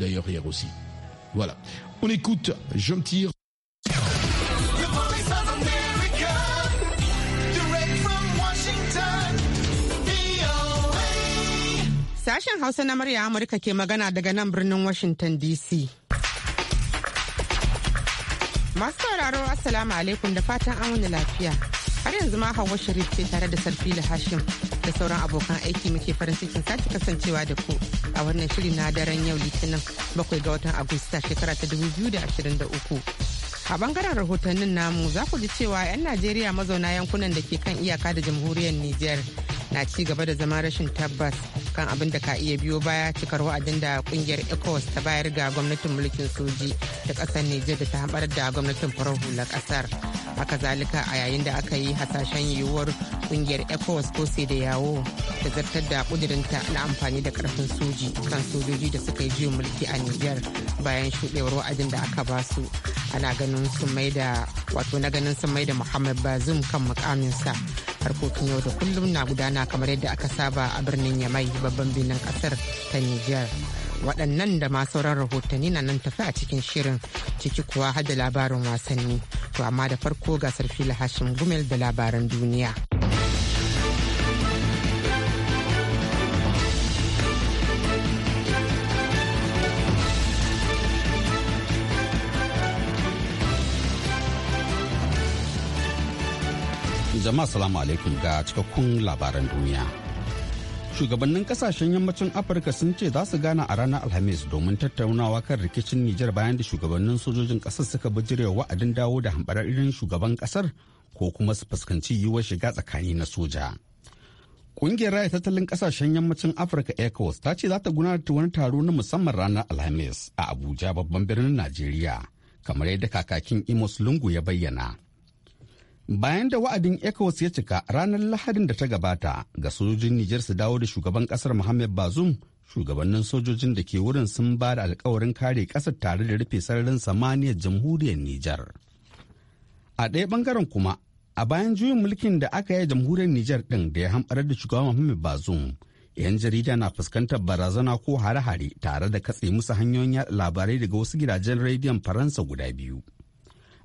d'ailleurs hier aussi. Voilà. On écoute, je me tire. Sashen Hausa na murya Amurka ke magana daga nan birnin Washington DC. Masu sauraro Assalamu alaikum da fatan an wani lafiya. Har yanzu ma Hauwa Sharif ce tare da Sarfila Hashim. da sauran abokan aiki muke farin cikin sake kasancewa da ku a wannan shiri na daren yau litinin bakwai ga watan agusta shekara ta dubu da da uku a bangaren rahotannin namu za ku ji cewa 'yan najeriya mazauna yankunan da ke kan iyaka da jamhuriyar niger na ci gaba da zama rashin tabbas kan abin da ka iya biyo baya cikar wa'adin da kungiyar ecowas ta bayar ga gwamnatin mulkin soji ta kasar nijar da ta hambar da gwamnatin farar hula kasar haka zalika a yayin da aka yi hasashen yiwuwar kungiyar ecowas ko sai da yawo ta zartar da kudirinta na amfani da karfin soji kan sojoji da suka yi juyin mulki a nijar bayan shuɗewar wa'adin da aka ba su ana ganin sun da wato na ganin sun maida muhammad bazum kan mukaminsa harkokin yau da kullum na gudana kamar yadda aka saba a birnin yamai babban birnin kasar ta niger waɗannan da ma sauran rahotanni na nan tafi a cikin shirin ciki kuwa hada labarin wasanni to amma da farko gasar fila hashin gumel da labaran duniya. Jama'a salamu alaikum ga cikakkun labaran duniya. Shugabannin kasashen yammacin Afirka sun ce za su gana a ranar Alhamis domin tattaunawa kan rikicin Nijar bayan da shugabannin sojojin kasar suka bijirewa wa'adin dawo da hambarar irin shugaban kasar ko kuma su fuskanci yiwuwar shiga tsakani na soja. Ƙungiyar raya tattalin ƙasashen yammacin Afirka ECOWAS ta ce za ta gudanar da wani taro na musamman ranar Alhamis a Abuja babban birnin Najeriya kamar yadda kakakin imus Lungu ya bayyana. Bayan da wa'adin ECOWAS ya cika ranar Lahadin da ta gabata ga sojojin Nijar su dawo da shugaban kasar Mohamed Bazoum, shugabannin sojojin da ke wurin sun ba da alkawarin kare kasar tare da rufe sararin samaniyar jamhuriyar Nijar. A ɗaya bangaren kuma, a bayan juyin mulkin da aka yi jamhuriyar Nijar ɗin da ya hamɓarar da shugaban Mohamed Bazoum, 'yan jarida na fuskantar barazana ko hare-hare tare da katse musu hanyoyin yaɗa labarai daga wasu gidajen rediyon Faransa guda biyu.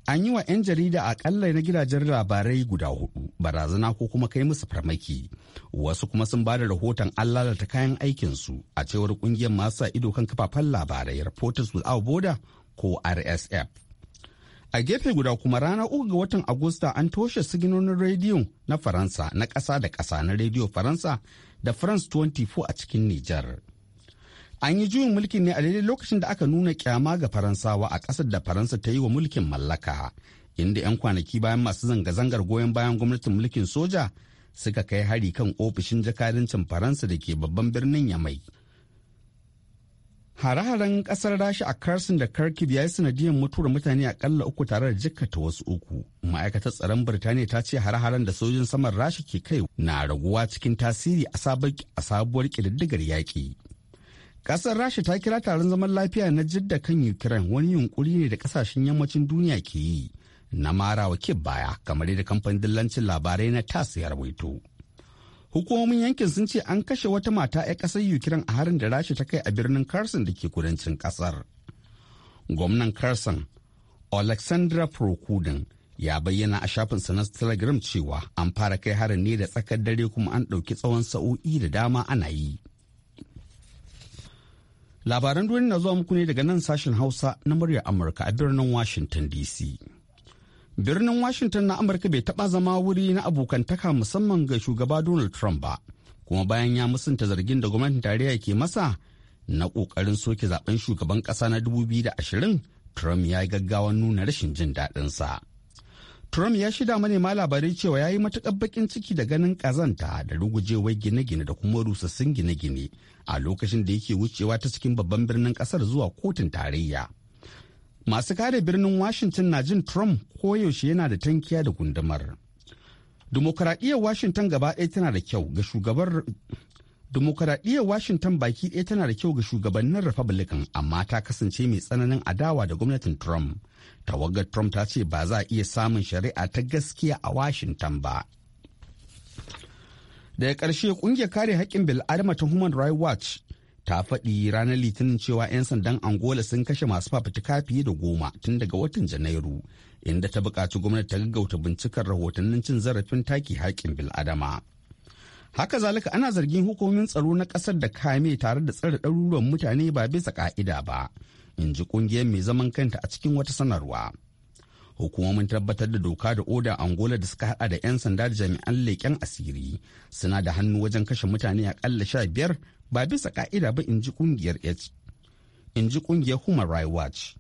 an yi wa 'yan jarida akalla na gidajen labarai guda hudu barazana ko kuma kai musu farmaki wasu kuma sun bada rahoton an lalata kayan aikinsu a cewar kungiyar masu sa ido kan kafafen labarai reporters without border ko rsf a gefe guda kuma ranar uku ga watan agusta an toshe siginonin rediyo na faransa na ƙasa da ƙasa na rediyo faransa da france 24 a cikin nijar. An yi juyin mulkin ne a daidai lokacin da aka nuna kyama ga Faransawa a ƙasar da Faransa ta yi wa mulkin mallaka, inda 'yan kwanaki bayan masu zanga-zangar goyon bayan gwamnatin mulkin soja suka kai hari kan ofishin jakadancin Faransa da ke babban birnin Yamai. Hare-haren ƙasar Rashi a Carson da Kharkiv ya yi sanadiyar mutuwar mutane akalla uku tare da jikkata wasu uku. Ma'aikatar tsaron Birtaniya ta ce hare-haren da sojin saman Rashi ke kai na raguwa cikin tasiri a sabuwar ƙididdigar yaƙi. Kasar Rasha ta kira taron zaman lafiya na jidda kan Ukraine wani yunkuri ne da kasashen yammacin duniya ke yi na marawa kib baya kamar da kamfanin dillancin labarai na TASS ya rawaito. Hukumomin yankin sun ce an kashe wata mata 'ya kasar Ukraine a harin da Rasha ta kai a birnin Kherson da ke kudancin kasar. Gwamnan Kherson Alexandra Prokudin ya bayyana a shafin sa na Telegram cewa an fara kai harin ne da tsakar dare kuma an ɗauki tsawon sa'o'i da dama ana yi. Labaran duniya na zuwa muku ne daga nan sashen Hausa na muryar Amurka a birnin Washington DC. Birnin Washington na Amurka bai taɓa zama wuri na abokantaka musamman ga shugaba Donald Trump ba, kuma bayan ya musanta zargin da gwamnatin tarayya ke masa na kokarin soke zaben shugaban kasa na 2020, Trump ya yi gaggawan nuna rashin jin daɗinsa. Trump ya shida manema labarai cewa ya yi matuƙar baƙin ciki da ganin ƙazanta da rugujewar gine-gine da kuma rusassun gine-gine a lokacin da yake wucewa ta cikin babban birnin ƙasar zuwa kotun tarayya. Masu kare birnin Washington na jin Trump koyaushe yana da tankiya da gundumar. Dimokuraɗiyyar Washington gaba ɗaya tana da kyau ga shugabar Dimokuraɗiyyar Washington baki ɗaya tana da kyau ga shugabannin Republican amma ta kasance mai tsananin adawa da gwamnatin Trump. Tawagar Trump ta ce ba za a iya samun shari'a ta gaskiya a Washington ba. Daga ƙarshe ƙungiyar kare haƙƙin bil'adama ta Human Rights Watch ta faɗi ranar Litinin cewa 'yan sandan Angola sun kashe masu fafutuka fiye da goma tun daga watan Janairu, inda ta buƙaci gwamnati ta gaggauta bincikar rahotannin cin zarafin taki haƙƙin bil'adama. Haka zalika ana zargin hukumomin tsaro na kasar da kame tare da tsare ɗaruruwan mutane ba bisa ƙa'ida ba, in ji ƙungiyar mai zaman kanta a cikin wata sanarwa. Hukumomin tabbatar da doka da oda Angola da suka haɗa da 'yan sanda da jami'an leƙen asiri suna da hannu wajen kashe mutane a aƙalla sha biyar ba bisa ka'ida ba in ƙungiyar In ji ƙungiyar Human Rights Watch.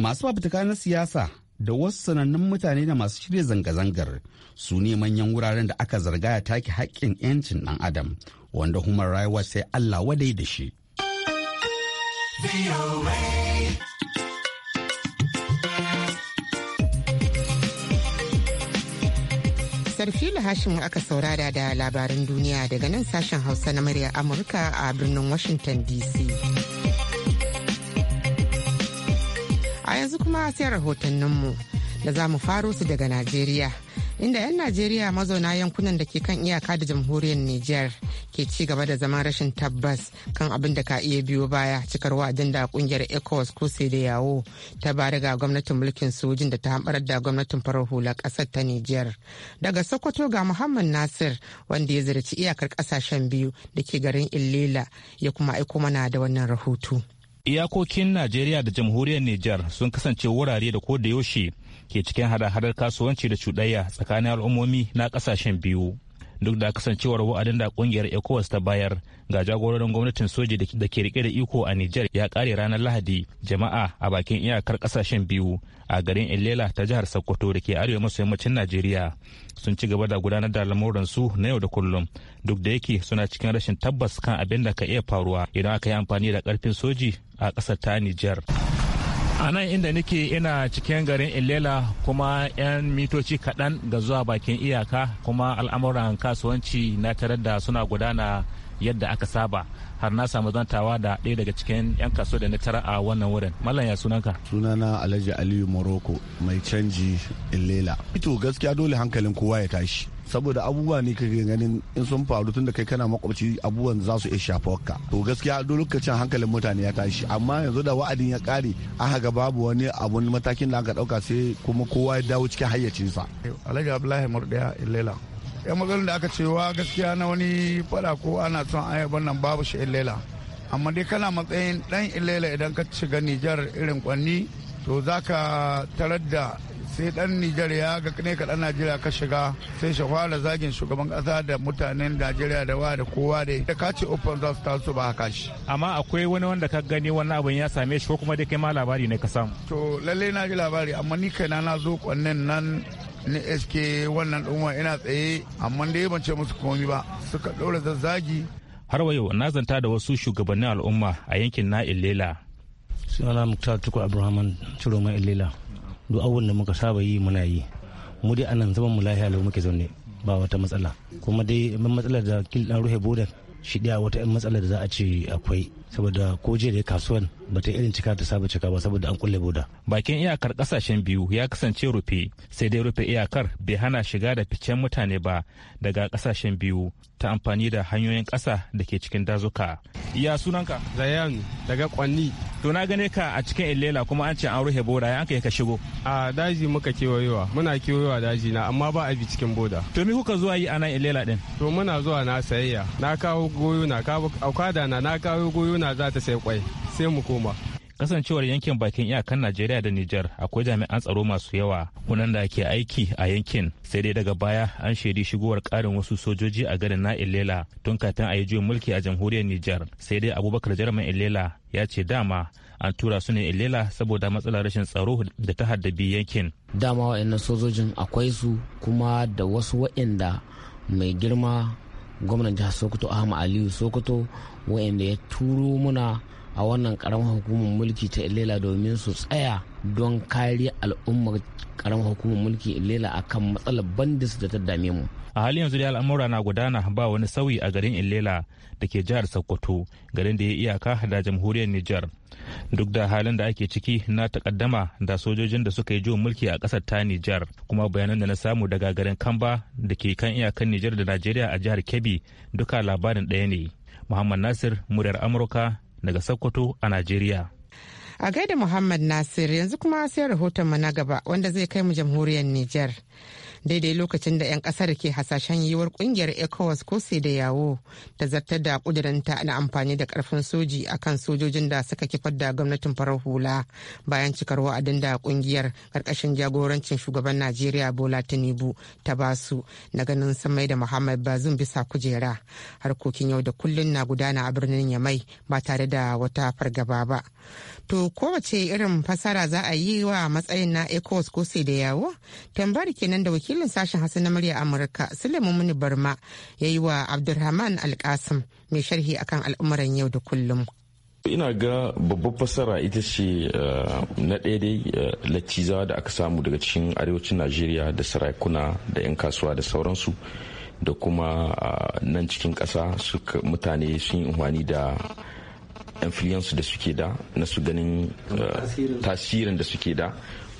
Masu fafutuka na siyasa da wasu sanannun mutane da masu shirya zanga-zangar su ne manyan wuraren da aka zarga ya take haƙƙin 'yancin ɗan adam wanda human rayuwa sai Allah wadai da shi. Sarfila Hashim aka saurara da labaran duniya daga nan sashen Hausa na murya Amurka a birnin Washington DC. a yanzu kuma sai rahotanninmu da za mu faro su daga Najeriya. Inda 'yan Najeriya mazauna yankunan da ke kan iyaka da jamhuriyar Nijar ke ci gaba da zaman rashin tabbas kan abin da ka iya biyo baya cikar wa'adin da kungiyar ECOWAS ko da yawo ta bari ga gwamnatin mulkin sojin da ta hamɓar da gwamnatin farar hula ƙasar ta Nijar. Daga Sokoto ga Muhammad Nasir wanda ya ziyarci iyakar ƙasashen biyu da ke garin ilela ya kuma aiko mana da wannan rahoto. Iyakokin Najeriya da jamhuriyar Nijar sun kasance wurare da ko da yaushe ke cikin hada-hadar kasuwanci da cuɗayya tsakanin al'ummomi na ƙasashen biyu. duk da kasancewar wa'adin da kungiyar ecowas ta bayar ga jagororin gwamnatin soji da ke rike da iko a niger ya kare ranar lahadi jama'a a bakin iyakar kasashen biyu a garin ilela ta jihar sokoto da ke arewa maso yammacin najeriya sun ci gaba da gudanar da lamuransu na yau da kullum duk da yake suna cikin rashin tabbas kan abin da ka iya faruwa idan aka yi amfani da karfin soji a ƙasa ta niger a nan inda nake ina cikin garin ilela kuma 'yan mitoci kaɗan ga zuwa bakin iyaka kuma al'amuran kasuwanci na tarar da suna gudana yadda aka saba har na samu zantawa da ɗaya daga cikin 'yan kaso da na tara a wannan wurin mallam ya sunanka sunana alhaji aliyu morocco mai canji ilela. ito gaskiya dole hankalin kowa ya tashi saboda abubuwa ne kake ganin in sun faru tun da kai kana makwabci abubuwan za su iya shafa ka to gaskiya duk lokacin hankalin mutane ya tashi amma yanzu da wa'adin ya kare aka ga babu wani abun matakin da aka dauka sai kuma kowa ya dawo cikin hayyacinsa alhaji abdullahi murdiya illela yan maganin da aka cewa gaskiya na wani fada ko ana son ayaban nan babu shi illela amma dai kana matsayin dan illela idan ka shiga nijar irin kwanni to zaka tarar da sai dan Nijar ya ga ne kaɗan Najeriya ka shiga sai shi fara zagin shugaban kasa da mutanen Najeriya da wa da kowa da da ka ce open za su taso ba haka shi amma akwai wani wanda ka gani wannan abin ya same shi ko kuma dai kai ma labari ne ka samu to lallai na ji labari amma ni kaina na zo kwannen nan ni SK wannan ɗin ina tsaye amma dai ban ce musu komai ba suka ɗora zazzagi har wa yau na zanta da wasu shugabannin al'umma a yankin na illela Sunana muktar tuku abrahaman ciro mai duk abubuwan da muka saba yi muna yi mu dai anan zaman mu lahiya lau muke zaune ba wata matsala kuma dai ban matsala da kil dan ruhe bodan shi daya wata yan da za a ce akwai saboda ko je da kasuwan ba ta irin cika ta saba cika ba saboda an kulle boda. Bakin iyakar kasashen biyu ya kasance rufe sai dai rufe iyakar bai hana shiga da ficen mutane ba daga kasashen biyu ta amfani da hanyoyin ƙasa da ke cikin dazuka. iya sunanka? Zayan daga Kwanni. To na gane ka a cikin Ilela kuma an ce an rufe boda ya aka ka shigo. A daji muka kewayewa muna kewayewa daji na amma ba a bi cikin boda. To me kuka zuwa yi a nan Ilela din? To muna zuwa na sayayya na kawo goyo na kawo na na kawo goyo na za ta sai kwai. sai mu koma kasancewar yankin bakin iyakan najeriya da nijar akwai jami'an tsaro masu yawa da ke aiki a yankin sai dai daga baya an shaidi shigowar karin wasu sojoji a garin na ilela tun kafin a yi juyin mulki a jamhuriyar nijar sai dai abubakar jarman ilela ya ce dama an tura su ne ilela saboda matsalar rashin tsaro da ta haddabi yankin dama wa'annan sojojin akwai su kuma da wasu wa'inda mai girma gwamnan jihar sokoto ahmad aliyu sokoto wa'inda ya turo muna a wannan karamar hukumar mulki ta ilela domin su tsaya don kariya al'ummar karamar hukumar mulki ilela akan matsalar bandis da ta dame mu a halin yanzu dai al'amura na gudana ba wani sauyi a garin ilela da ke jihar sokoto garin da ya iyaka da jamhuriyar nijar duk da halin da ake ciki na takaddama da sojojin da suka yi juyin mulki a kasar ta nijar kuma bayanan da na samu daga garin kamba da ke kan iyakan nijar da najeriya a jihar kebbi duka labarin ɗaya ne muhammad nasir muryar amurka daga Sokoto a Najeriya. A gaida Muhammad Nasir yanzu kuma sai rahoton mu na gaba wanda zai kai mu jamhuriyar Nijar. daidai lokacin da 'yan kasar ke hasashen yiwuwar kungiyar ecowas ko sai da yawo ta zartar da kudurinta na amfani da karfin soji akan sojojin da suka kifar da gwamnatin farar hula bayan cikar wa'adin da kungiyar karkashin jagorancin shugaban najeriya bola tinubu ta basu na ganin samai da muhammad bazum bisa kujera harkokin yau da kullun na gudana a birnin yamai ba tare da wata fargaba ba to kowace irin fasara za a yi wa matsayin na ecowas ko sai da yawo tambari kenan da wakil wakilin sashen hausa na murya amurka suleiman muni barma ya yi wa abdulrahman alkasim mai sharhi akan al'umuran yau da kullum ina ga babbar fasara ita ce eh, na ɗaya dai eh, latizawa da aka samu daga cikin arewacin najeriya da sarakuna da 'yan kasuwa da sauransu da kuma eh, nan cikin ƙasa mutane sun yi umarni da influence da suke da na su ganin tasirin da suke da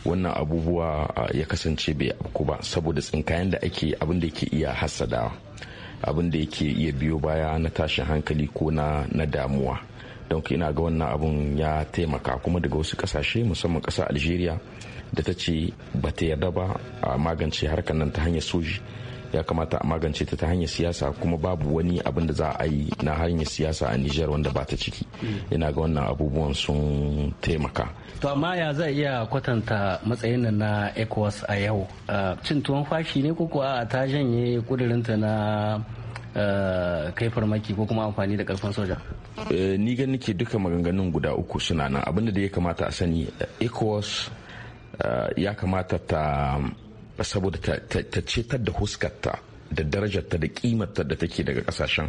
wannan abubuwa ya kasance bai afku ba saboda tsinkayen da ake abin da ke iya hassadawa abin da yake iya biyo baya na tashin hankali ko na damuwa don ina ga wannan abun ya taimaka kuma daga wasu kasashe musamman ƙasa algeria da ta ce ba ta yarda ba a magance harkar nan ta hanyar soji ya kamata a magance ta ta hanyar siyasa kuma babu wani abin da za a yi na hanyar siyasa a Nijar wanda ba ta ciki ina ga wannan abubuwan sun taimaka to amma ya zai iya kwatanta matsayin na ECOWAS a yau cin tuwon fashi ne ko kuwa ta janye kudurinta na kai farmaki ko kuma amfani da karfin soja eh, ni ga nake duka maganganun guda uku suna nan abinda da ya kamata a sani ECOWAS ya kamata ta saboda ta cetar da huskarta da darajarta da kimarta da take daga kasashen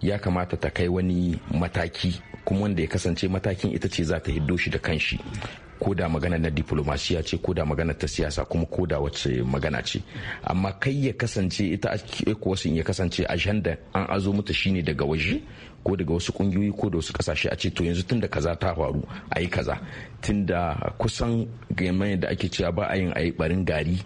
ya kamata ta kai wani mataki kuma wanda ya kasance matakin ita ce za ta hiddo shi da kanshi ko da magana na diplomasiya ce ko da magana ta siyasa kuma ko da wace magana ce amma kai ya kasance ita ecowas ya kasance ajanda an azo mata shine daga waje ko daga wasu kungiyoyi ko da wasu kasashe a ce to yanzu tunda kaza ta faru a yi kaza tunda kusan game da ake cewa ba a yin a yi barin gari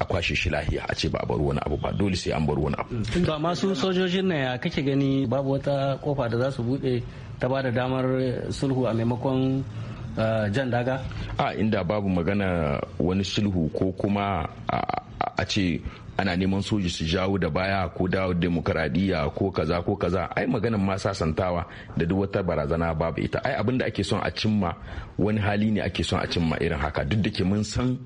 a kwashe shi lahiya a ce ba a bar wani abu ba dole sai an bar wani abu to masu su sojojin na ya kake gani babu wata kofa da za su bude ta ba da damar sulhu a maimakon eh, jan daga a inda babu magana wani sulhu ko kuma a ce ana neman soji su jawo da baya ko dawo demokradiyya ko kaza ko kaza ai maganin ma sasantawa da duk wata barazana babu ita ai abin da ake son a cimma wani hali ne ake son a cimma irin haka duk da ke mun san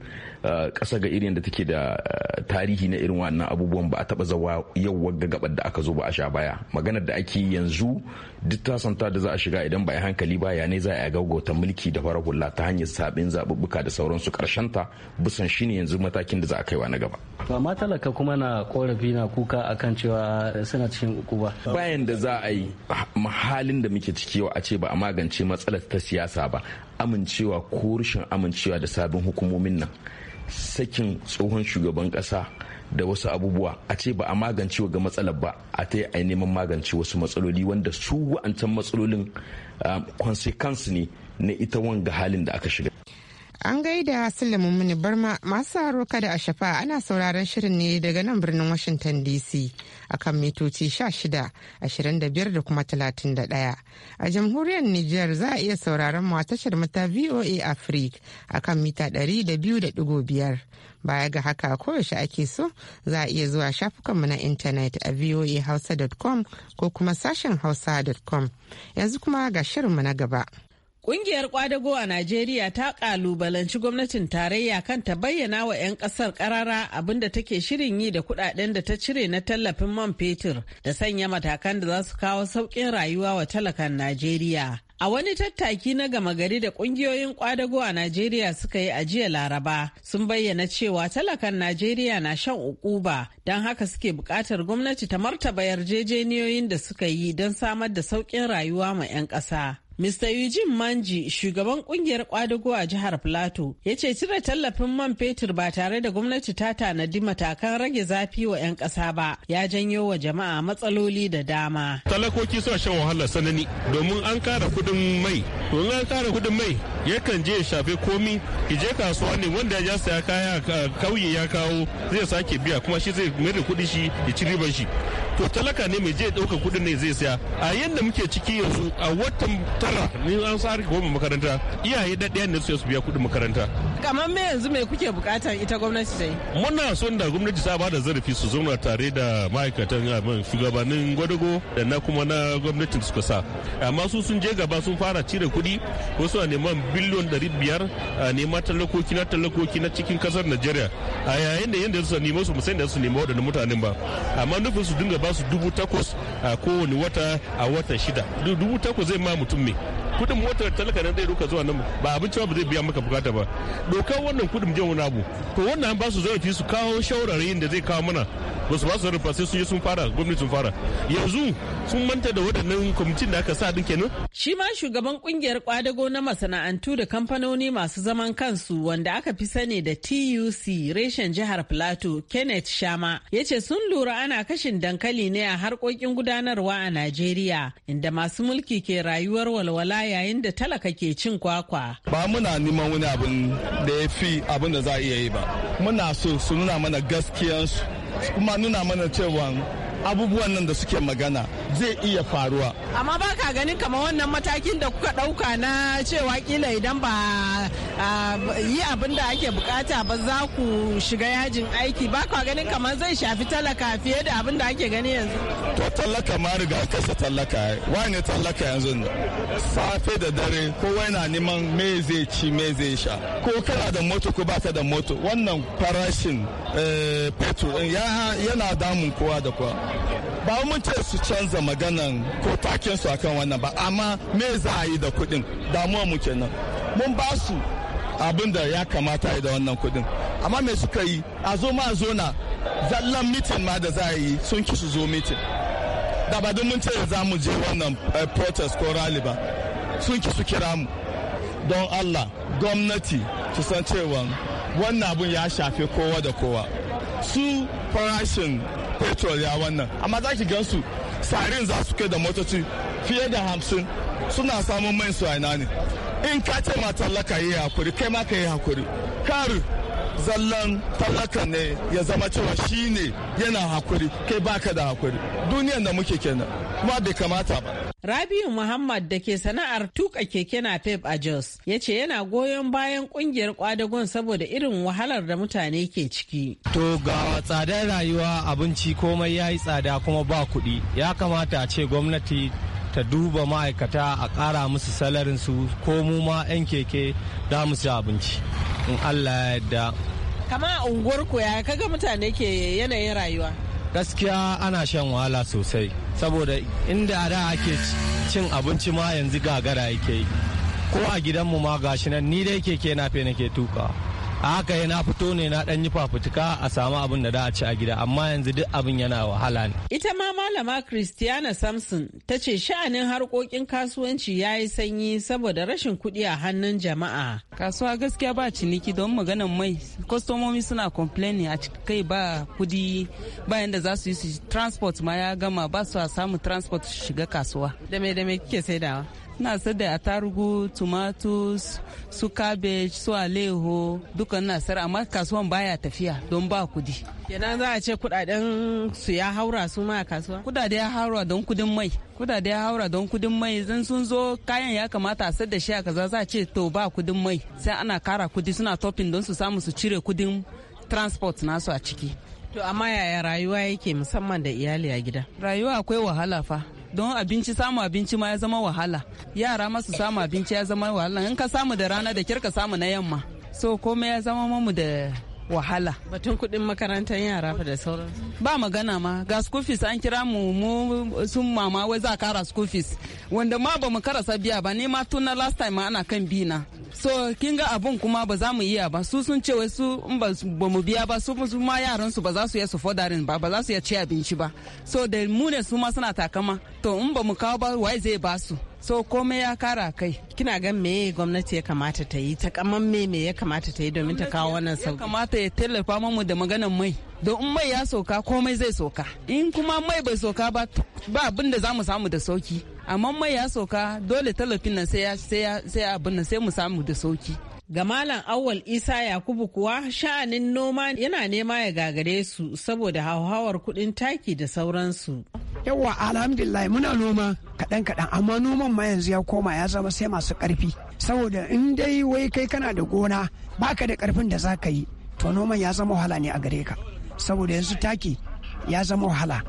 eh, ƙasa ga irin da take da eh, tarihi na irin wannan abubuwan ba a taba zawa yau wagga gabar da aka zo ba a sha baya maganar da ake yanzu duk ta santa da za a shiga idan ba a hankali ba ya ne za a gaugauta mulki da farar hula ta hanyar sabin zaɓuɓɓuka da sauransu ta bisan shine yanzu matakin da za a kaiwa na gaba talaka kuma na korafi na kuka akan cewa suna cikin ukuba bayan da za a yi mahalin da muke ciki a ce ba a magance matsalar ta siyasa ba amincewa ko rashin amincewa da sabbin hukumomin nan sakin tsohon shugaban kasa da wasu abubuwa a ce ba a magance ga matsalar ba a ta yi neman magance wasu matsaloli wanda su wa'ancan matsalolin ah, consequence ne na ita wanga halin da aka shiga An gaida Sulaiman mini Barma masu haro kada a shafa ana sauraron shirin ne daga nan birnin Washington DC akan mitoci 16, ashirin da kuma 31. A jamhuriyar Nijar za a iya sauraron mu a tashar mata VOA Africa akan mita 200.5. Baya ga haka koyaushe ake so za a iya zuwa shafukanmu na intanet a voahausa.com ko kuma sashen hausa.com. Yanzu kuma ga shirinmu na gaba. Ƙungiyar kwadago a Najeriya ta ƙalubalanci gwamnatin tarayya kan ta bayyana wa 'yan ƙasar ƙarara abin da take shirin yi da kuɗaɗen da ta cire na tallafin man fetur da sanya matakan da za su kawo sauƙin rayuwa wa talakan Najeriya. A wani tattaki na gama gari da ƙungiyoyin kwadago a Najeriya suka yi a jiya Laraba sun bayyana cewa talakan Najeriya na shan ukuba don haka suke buƙatar gwamnati ta martaba yarjejeniyoyin da suka yi don samar da sauƙin rayuwa ma 'yan ƙasa. Mr. Eugene Manji, shugaban kungiyar kwadago a jihar Plateau, ya ce cire tallafin man fetur ba tare da gwamnati ta tanadi matakan rage zafi wa 'yan kasa ba, ya janyo wa jama'a matsaloli da dama. Talakoki suna shan wahala sanani domin an kara kudin mai. Domin an kara kudin mai, yakan je ya shafe komi, ki je kasuwa ne wanda ya saya kaya kauye ya kawo zai sake biya kuma shi zai mai da kuɗi shi ya ci riban shi. To talaka ne mai je ɗauka kuɗin ne zai saya. A yadda muke ciki yanzu a watan matsala ni an sa ko makaranta iyaye daɗayan ne su biya kuɗin makaranta kamar me yanzu me kuke bukatar ita gwamnati ta yi muna son da gwamnati ta bada zarafi su zauna tare da ma'aikatan eh, abin shugabannin gwadago da na kuma na gwamnatin suka sa amma su sun je gaba sun fara cire kuɗi wasu a neman biliyon ɗari biyar a neman talakoki na talakoki na cikin kasar najeriya a yayin da yadda su nemo su musayin da su nemo waɗannan mutanen ba amma nufin su dinga ba su dubu takwas a kowane wata a wata shida dubu takwas zai ma mutum me. kudin motar talaka nan zai duka zuwa nan ba abinci ba zai biya maka bukata ba dokar wannan kudin jan wani abu to wannan ba su zarafi su kawo shawararrayin da zai kawo mana ba su ba su zarafa sai sun yi sun fara gwamnati sun fara yanzu sun manta da waɗannan kwamitin da aka sa din kenan. shi ma shugaban kungiyar kwadago na masana'antu da kamfanoni masu zaman kansu wanda aka fi sani da tuc reshen jihar plateau kenneth shama ya ce sun lura ana kashin dankali ne a harkokin gudanarwa a najeriya inda masu mulki ke rayuwar walwala yayin da talaka ke cin kwakwa. Ba muna neman wani abin da ya fi abin da za a iya yi ba. Muna so su nuna mana gaskiyansu kuma nuna mana cewa abubuwan nan da suke magana zai iya faruwa amma ba ka ganin kamar wannan matakin da kuka ɗauka na cewa kila idan ba yi abin da ake bukata ba za ku shiga yajin aiki ba ka ganin kamar zai shafi talaka fiye da abin da ake gani yanzu to talaka ma riga kasa talaka wani talaka yanzu safe da dare kowa yana neman me zai ci me zai sha ko kana da moto ko baka da moto wannan farashin fetur eh, eh, yana damun kowa da kowa ba mun ce su canza maganan ko taken su akan wannan ba amma me za a yi da kuɗin damuwa mu kenan mun ba su abin da ya kamata yi da wannan kuɗin amma me suka yi a zo ma zo na zallan mitin ma da za a yi sun ki su zo mitin da ba mun ce za mu je wannan eh, protest ko rally ba sun ki su kira mu don allah gwamnati su san cewa wannan abun ya shafe kowa da kowa su farashin petrol ya wannan amma za ki gansu sarin za su kai da motoci fiye da hamsin suna samun mai su aina ne in ka ce ma tallaka yi hakuri kai ma ka yi hakuri kar zallan tallaka ne ya zama cewa shi ne yana hakuri kai baka da hakuri duniyan da muke kenan kuma bai kamata ba. Rabiu Muhammad da ke sana'ar tuka keke na Pep a Jos ya ce yana goyon bayan kungiyar kwadagon saboda irin wahalar da mutane ke ciki. To ga tsadar rayuwa abinci komai ya yi tsada kuma ba kuɗi ya kamata a ce gwamnati ta duba ma'aikata a ƙara musu salarinsu ko mu ma 'yan keke da mu abinci in Allah ya yarda. Kama unguwarku ya kaga mutane ke yanayin rayuwa. gaskiya ana shan wahala sosai saboda inda a da ake cin abinci ma yanzu gagara yake ko a gidanmu ma gashi nan ni dai keke na fe nake tuka a haka na fito ne na dan yi fafutuka a samu abin da da a ci a gida amma yanzu duk abin yana wahala ne ita ma malama christiana samson ta ce sha'anin harkokin kasuwanci ya yi sanyi saboda rashin kuɗi a hannun jama'a kasuwa gaskiya ba ciniki don maganan mai kwastomomi suna complain a kai ba kudi bayan da za su yi su transport ma ya gama ba su a samu transport shiga kasuwa da me da me kike saidawa na sayar da atarugu tomatoes su cabbage su alaiho duka na sayar amma kasuwan baya tafiya don ba kudi kenan za a ce kudaden su ya haura su ma kasuwa kudade ya haura don kudin mai kudade ya haura don kudin mai zan sun zo kayan ya kamata a sayar da shi a kaza za a ce to ba kudin mai sai ana kara kudi suna topping don su samu su cire kudin transport nasu a ciki to amma yaya rayuwa yake musamman da iyali a gida rayuwa akwai wahala fa don abinci samu abinci ma ya zama wahala yara masu samu abinci ya zama wahala in ka samu da rana da kirka samu na yamma so komai ya zama mamu da wahala batun kuɗin makarantar yara fa da sauran ba magana ma ga school fees an kira mu mu sun mama wai za kara school fees wanda ma ba mu karasa biya ba ne ma tun na last time ana kan bi na so kin ga abun kuma ba za mu iya ba su sun ce wai su in ba mu biya ba su ma yaran su ba za su iya su fodarin ba ba za su iya ci abinci ba so da mu ne su ma suna takama to in ba mu kawo ba wai zai ba su so komai ya kara kai kina gan me gwamnati ya kamata ta yi ta kaman me me ya kamata ta yi domin ta kawo wannan sauki ya kamata ya tallafa mamu da maganan mai don in mai ya soka komai zai soka in kuma mai bai soka ba ba abin da za samu da sauki amma mai ya soka dole tallafin nan sai ya sai ya abin nan sai mu samu da sauki Ga Malam Awal Isa Yakubu kuwa sha'anin noma yana nema ya gagare su saboda hauhawar kuɗin taki da sauransu. Yawwa alhamdulillah muna noma kaɗan kaɗan amma noman ma yanzu ya koma ya zama sai masu ƙarfi saboda in dai wai kai kana da gona baka da ƙarfin da za ka yi to noman ya zama wahala ne a gare ka saboda yanzu taki ya zama wahala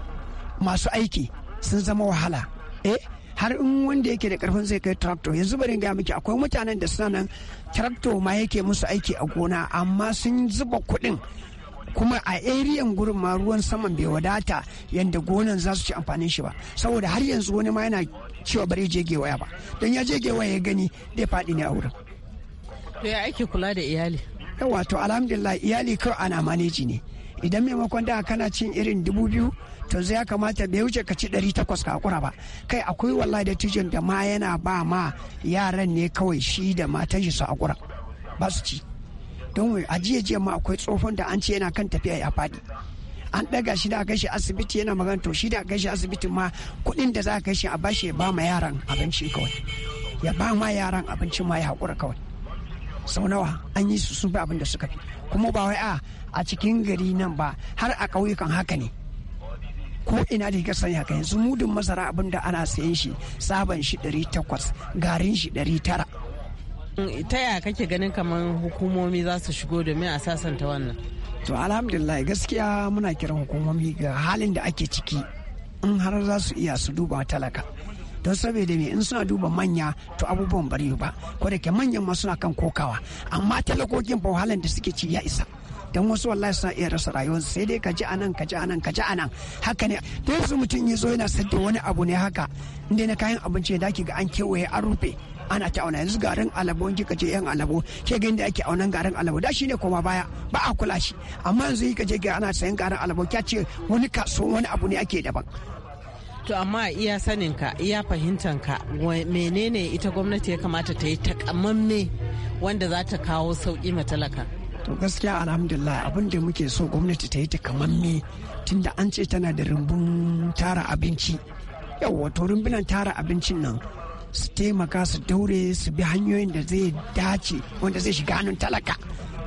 masu aiki sun zama wahala eh har in wanda yake da karfin zai kai tractor yanzu bari ga miki akwai mutanen da suna nan tractor ma yake musu aiki a gona amma sun zuba kuɗin kuma a eriyan gurin ma ruwan saman bai wadata yadda gonan za su ci amfanin shi ba saboda har yanzu wani ma yana cewa bari je gewaya ba don ya je gewaya ya gani dai faɗi ne a wurin to ya ake kula da iyali wato alhamdulillah iyali kawai ana maneji ne idan maimakon da kana cin irin dubu biyu to zai ya kamata bai wuce ka ci 800 ka hakura ba kai akwai wallahi da tijin da ma yana ba ma yaran ne kawai shi da matan shi su akura ba su ci don a jiya jiya ma akwai tsofon da an ce yana kan tafiya ya faɗi an ɗaga shi da gashi asibiti yana magana to shi da gashi asibiti ma kuɗin da za a shi a bashi ya ba ma yaran abinci kawai ya ba ma yaran abinci ma ya haƙura kawai sau nawa an yi su sun fi abin da suka fi kuma ba wai a a cikin gari nan ba har a ƙauyukan haka ne ko ina da ka sanya haka yanzu mudun masara abin da ana sayan shi sabon shi 800 garin shi 900 ta ya kake ganin kamar hukumomi za su shigo domin a sasanta wannan to alhamdulillah gaskiya muna kiran hukumomi ga halin da ake ciki in har za su iya su duba talaka don saboda me in suna duba manya to abubuwan bari ba ko da manyan ma suna kan kokawa amma talakokin fa wahalan da suke ci ya isa dan wasu wallahi suna iya rasa rayuwar sai dai ka ji anan ka ji anan ka ji anan haka ne da yanzu mutum ya zo yana sadda wani abu ne haka inda na kayan abinci da ga an kewaye an rufe ana ta auna yanzu garin alabo in kika je yan alabo ke ga inda ake aunan garin alabo da shine koma baya ba a kula shi amma yanzu kika je ga ana sayan garin alabo kya ce wani kaso wani abu ne ake daban to amma iya saninka iya fahimtanka menene ita gwamnati ya kamata ta yi takamamme wanda za ta kawo sauki matalaka to gaskiya alhamdulillah abin da muke so gwamnati ta yi tun tunda an ce tana da rumbun tara abinci yau wato rumbunan tara abincin nan su taimaka su daure su bi hanyoyin da zai dace wanda zai shiga hannun talaka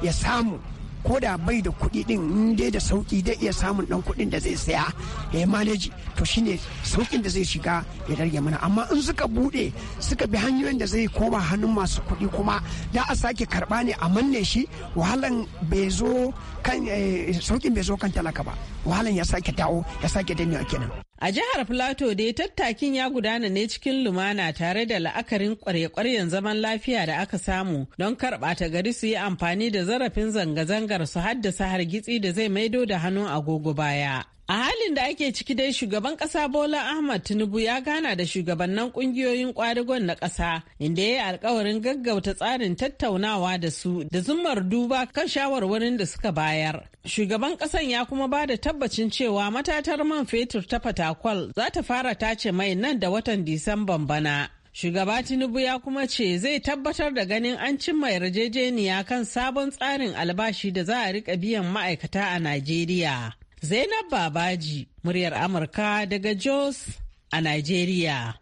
ya samu ko da bai da kuɗi din in dai da sauki dai iya samun ɗan kuɗin da zai saya ya yi maleji to shine saukin da zai shiga ya darge mana amma in suka buɗe suka bi hanyoyin da zai koma hannun masu kuɗi kuma da a sake karɓa ne a manne shi wahalan bai zo kan eh, saukin bai zo kan talaka ba wahalan ya sake dawo ya sake dannewa kenan A jihar Plateau dai tattakin ya gudana ne cikin lumana tare da la'akarin kwarye-kwaryen zaman lafiya da aka samu don karɓa ta gari su yi amfani da zarafin zanga-zangar su haddasa hargitsi da zai maido da hannun agogo baya. A halin da ake ciki dai shugaban kasa Bola Ahmad Tinubu ya gana da shugabannin kungiyoyin kwadagon na kasa inda ya yi alkawarin gaggauta tsarin tattaunawa da su da zumar duba kan shawarwarin da suka bayar. Shugaban kasan ya kuma ba da tabbacin cewa matatar man fetur ta Fatakwal za ta fara tace mai nan da watan Disamban bana. Shugaba Tinubu ya kuma ce zai tabbatar da ganin an cimma yarjejeniya kan sabon tsarin albashi da za a rika biyan ma'aikata a Najeriya. Zainab Babaji, muryar Amurka daga Jos a Najeriya.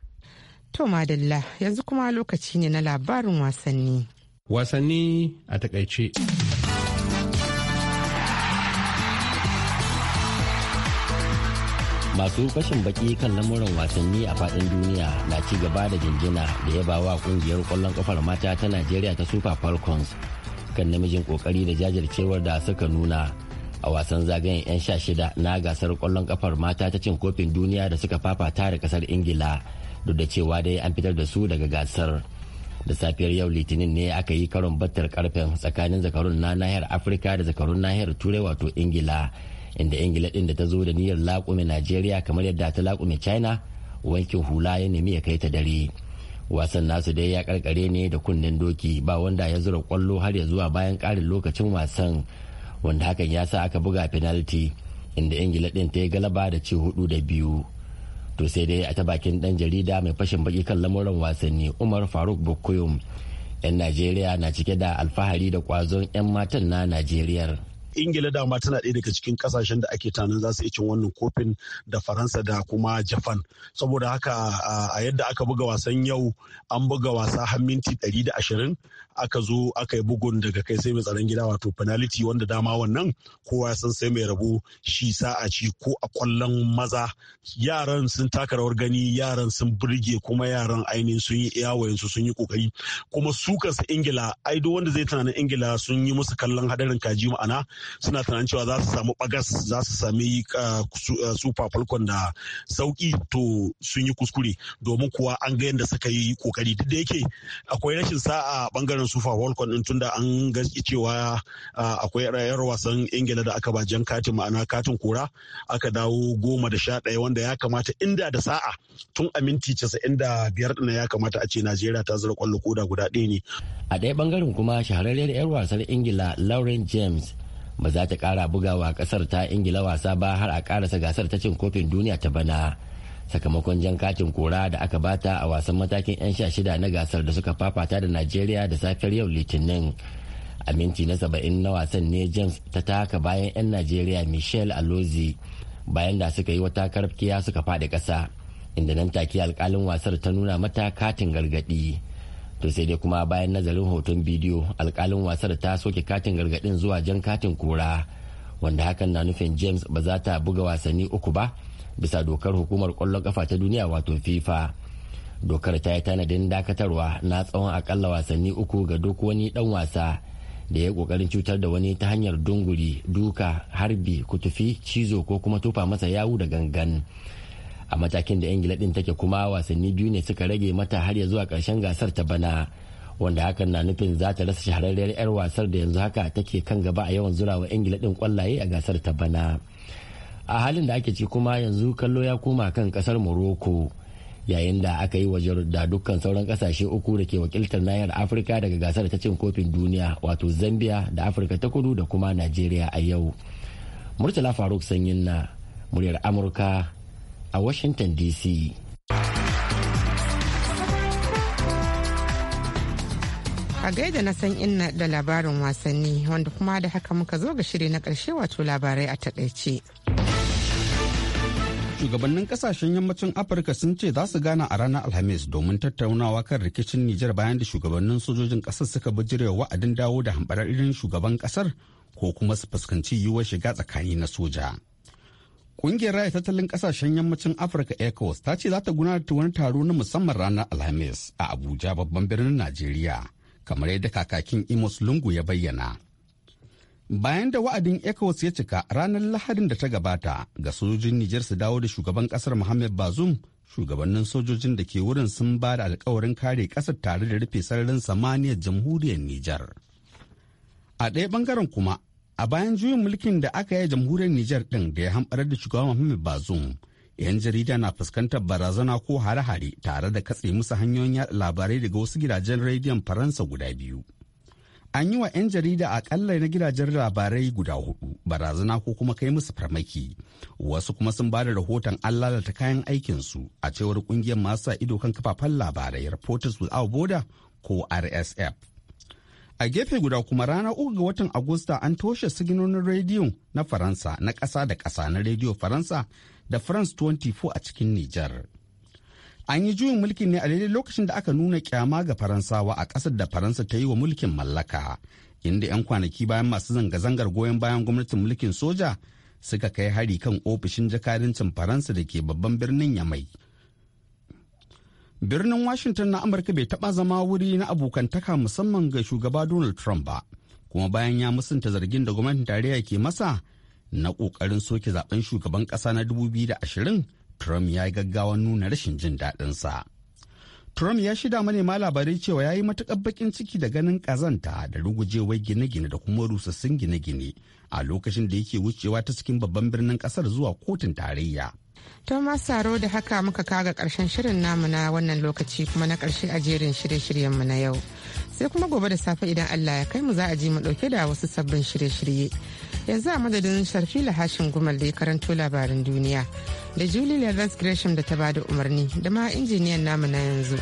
To Madalla, yanzu kuma lokaci ne na labarin wasanni. Wasanni a takaice. Masu kashin baki kan lamuran wasanni a fadin duniya na ci gaba da jinjina da yabawa kungiyar kwallon kafar mata ta Najeriya ta Super Falcons kan namijin kokari da jajircewar da suka nuna. a wasan zagayen 'yan sha shida na gasar kwallon kafar mata ta cin kofin duniya da suka fafata da kasar ingila duk da cewa dai an fitar da su daga gasar da safiyar yau litinin ne aka yi karon battar karfen tsakanin zakarun na nahiyar afirka da zakarun nahiyar turai wato ingila inda ingila din da ta zo da niyyar laƙume najeriya kamar yadda ta laƙume china wankin hula ya nemi ya kai ta dare wasan nasu dai ya karkare ne da kunnen doki ba wanda ya zura kwallo har ya zuwa bayan ƙarin lokacin wasan wanda hakan ya sa aka buga penalty inda ingila ɗin ta yi galaba da ci hudu da biyu to sai dai a ta bakin dan jarida mai fashin baki kan lamuran wasanni umar faruk bukuyum 'yan najeriya na cike da alfahari da kwazon 'yan matan na najeriya ingila dama tana ɗaya daga cikin kasashen da ake tanan za su cin wannan kofin da faransa da kuma japan saboda haka a yadda aka buga wasan yau an buga wasa har minti 120 aka zo aka yi bugun daga kai sai mai tsaron gida wato penalty wanda dama wannan kowa ya san sai mai rabo shi sa a ci ko a kwallon maza yaran sun taka rawar gani yaran sun burge kuma yaran ainihin sun yi iyawayen su sun yi kokari kuma su ingila ai duk wanda zai tunanin ingila sun yi musu kallon hadarin kaji ma'ana suna tunanin cewa za su samu bagas za su sami ah, ah, super falcon da sauki to sun yi kuskure domin kuwa an ga yadda suka yi kokari duk da yake akwai rashin sa'a bangaren super walkon din tunda an gaski cewa akwai rayar wasan ingila da aka ba jiyan katin ma'ana katin kura aka dawo goma da sha ɗaya wanda ya kamata inda da sa'a tun a minti casa'in da biyar dina ya kamata a ce najeriya ta zira kwallo koda guda ɗaya ne a ɗaya bangaren kuma shahararriyar 'yar wasan ingila lauren james ba za ta kara bugawa kasar ta ingila wasa ba har a ƙarasa gasar ta cin kofin duniya ta bana sakamakon jan katin kora da aka bata a wasan matakin 'yan sha shida na gasar da suka fafata da najeriya da safiyar yau litinin a minti na saba'in na wasan ne james ta taka bayan 'yan najeriya michelle alozi bayan da suka yi wata karfiya suka faɗi ƙasa inda nan take alkalin wasar ta nuna mata katin gargaɗi to sai dai kuma bayan nazarin hoton bidiyo alkalin wasar ta soke katin gargaɗin zuwa jan katin kora wanda hakan na nufin james ba za ta buga wasanni uku ba bisa dokar hukumar kwallon kafa ta duniya wato fifa dokar ta yi tanadin dakatarwa na tsawon akalla wasanni uku ga duk wani dan wasa da ya kokarin cutar da wani ta hanyar dunguri duka harbi kutufi cizo ko kuma tufa masa yawu da gangan a matakin da ingila din take kuma wasanni biyu ne suka rage mata har ya zuwa karshen gasar ta bana wanda hakan na nufin za ta rasa shahararriyar 'yar wasar da yanzu haka take kan gaba a yawan zurawa ingila din kwallaye a gasar ta bana a halin da ake ci kuma yanzu kallo ya koma kan kasar morocco yayin da aka yi wajen da dukkan sauran kasashe uku da ke wakiltar nayar afirka daga gasar ta cin kofin duniya wato zambia da afirka ta kudu da kuma nigeria a yau murtala faruk sanyin na muryar amurka a washington dc a gaida na san inna da labarin wasanni wanda kuma da haka muka zo ga shiri na karshe wato labarai a taɗaice. shugabannin kasashen yammacin afirka sun ce za su gana a ranar alhamis domin tattaunawa kan rikicin nijar bayan da shugabannin sojojin kasar suka bijirewa wa'adin dawo da hambararren shugaban kasar ko kuma su fuskanci yiwuwar shiga tsakani na soja kungiyar raya tattalin kasashen yammacin afirka ecowas ta ce za ta gudanar da wani taro na musamman ranar alhamis a abuja babban birnin najeriya kamar yadda kakakin imus lungu ya bayyana bayan da wa'adin ecowas ya cika ranar lahadin da ta gabata ga sojojin nijar su dawo da shugaban kasar muhammad bazum shugabannin sojojin da ke wurin sun ba da alkawarin kare kasar tare da rufe sararin samaniyar jamhuriyar nijar a ɗaya bangaren kuma a bayan juyin mulkin da aka yi jamhuriyar nijar din da ya hamɓarar da shugaban muhammad bazum 'yan jarida na fuskantar barazana ko hare-hare tare da katse musu hanyoyin yaɗa labarai daga wasu gidajen rediyon faransa guda biyu an yi wa 'yan jarida akalla na gidajen labarai guda hudu barazana ko kuma kai musu farmaki wasu kuma sun ba da rahoton an lalata kayan aikinsu a cewar kungiyar masu sa ido kan kafafen labarai reporters without border ko rsf a gefe guda kuma ranar uku ga watan agusta an toshe siginonin rediyo na faransa na ƙasa da ƙasa na rediyo faransa da france 24 a cikin nijar. An yi juyin mulkin ne a daidai lokacin da aka nuna kyama ga Faransawa a ƙasar da Faransa ta yi wa mulkin mallaka, inda 'yan kwanaki bayan masu zanga-zangar goyon bayan gwamnatin mulkin soja suka kai hari kan ofishin jakarancin Faransa da ke babban birnin Yamai. Birnin Washington na Amurka bai taba zama wuri na abokantaka musamman ga shugaba Donald Trump ba, kuma bayan ya musanta zargin da gwamnatin tarayya ke masa na kokarin soke zaben shugaban kasa na 2020 Trump ya yi gaggawan nuna rashin jin daɗinsa. Trump ya shida manema labarai cewa ya yi matuƙar baƙin ciki da ganin ƙazanta da rugujewar gine-gine da kuma rusassun gine-gine a lokacin da yake wucewa ta cikin babban birnin ƙasar zuwa kotun tarayya Thomas Saro da haka muka kaga karshen shirin namu na wannan lokaci kuma na karshe a jerin shirye-shiryenmu na yau. Sai kuma gobe da safe idan Allah ya kai mu za a ji mu ɗauke da wasu sabbin shirye-shirye. Yanzu a madadin Sharfila Hashin Gumal da ya karanto labarin duniya da Julie Lazarus Gresham da ta ba da umarni da ma injiniyan namu na yanzu.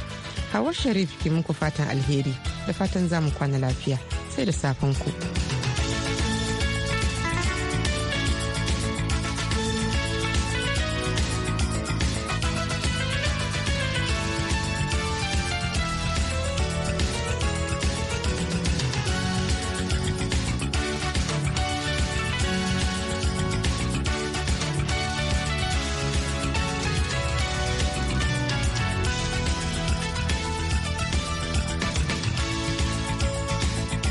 Hawar Sharif ke muku fatan alheri da fatan za mu kwana lafiya sai da safen ku.